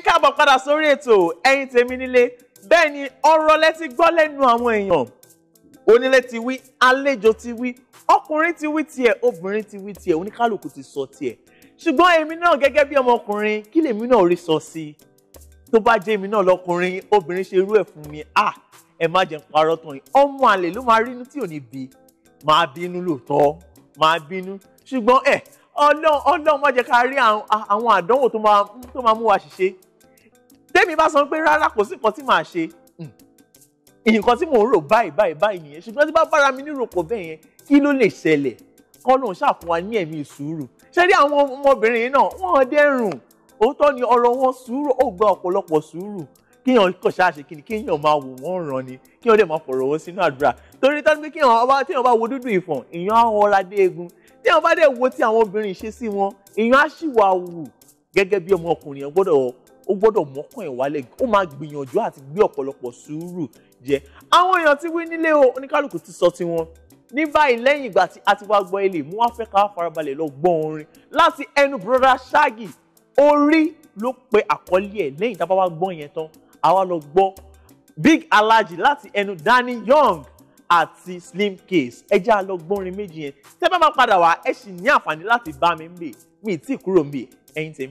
ẹ káàbọ̀ padà sórí ètò ẹ̀yin tèmi nílé bẹ́ẹ̀ ni ọ̀rọ̀ lẹ́tí gbọ́ lẹ́nu àwọn èèyàn onílé ti wí àlejò ti wí ọkùnrin ti wí tiẹ̀ obìnrin ti wí tiẹ̀ oníkálukú ti sọ tiẹ̀ ṣùgbọ́n èmi náà gẹ́gẹ́ bí ọmọkùnrin kí lèmi náà rí sọ sí i tó bá jẹ́ èmi náà lọkùnrin obìnrin ṣe irú ẹ̀ fún mi à ẹ má jẹ́ n parọ́ tán yìí ọmọ àlè ló máa rí inú tí ò ní bí máa bínú lóòótọ́ máa bínú ṣùgbọ́n ẹ ọlọ́run ọlọ́run má jẹ́ ká rí àwọn àdánwò tó máa mú wa ṣiṣẹ́ tẹ́mi bá sọ pé rárá kò sí nǹkan tí màá ṣe hmm. nǹkan tí mò ń rò báyìí báyìí báyìí nìyẹn ṣùgbọ́n tí bá bára mi nírò kò bẹ́ẹ̀ yẹn kí ló lè ṣẹlẹ̀ kọ́lọ́n ṣàfún wa ní ẹ̀mí sùúrù ṣé rí àwọn ọmọbìnrin yìí náà wọ́n dẹ́rùn òótọ́ ni ọ̀rọ̀ wọn sùúrù ó gba ọ̀pọ̀lọpọ̀ sùúrù kíyàn kọ̀ ṣáàṣì kí ni kíyàn máa wò wọ́n ràn ni kíyàn dẹ̀ máa fọ̀rọ̀ owó sínú àdúrà torí tọ́ni pé kíyàn ọba tíyàn bá wo dúdú ìfọ̀n ìyàn á wọra dé egun tíyàn bá dẹ̀ wo ti àwọn obìnrin ìṣesí wọn ìyàn á ṣì wà wù gẹ́gẹ́ bí ọmọkùnrin yẹn gbọ́dọ̀ ó gbọ́dọ̀ mọ́kàn ẹ̀ wálẹ̀ ó máa gbìyànjú àti gbé ọ̀pọ̀lọpọ̀ sùúrù jẹ àwọn èèyàn ti wí nílé o oníkálukú ti sọ tiwọn ní báyìí lẹ́yìn ìgbà tí a ti wá gbọ́ ilé mú wá fẹ́ ká farabalẹ̀ lọ gbọ́ orin láti ẹnu broda Shaggy orí ló pe àkọ́lé ẹ̀ lẹ́yìn tá a bá wá gbọ́ yẹn tán àwa lọ gbọ́ Big alaji láti ẹnu Danny Young àti Slim Case ẹ jẹ́ àlọ́gbọ́nrin méjì yẹn tẹ́ bá máa padà wá ẹ sì ní àǹfààní láti bá mi ń bè mí tí kúrò ń bè ẹ̀yin tèmi.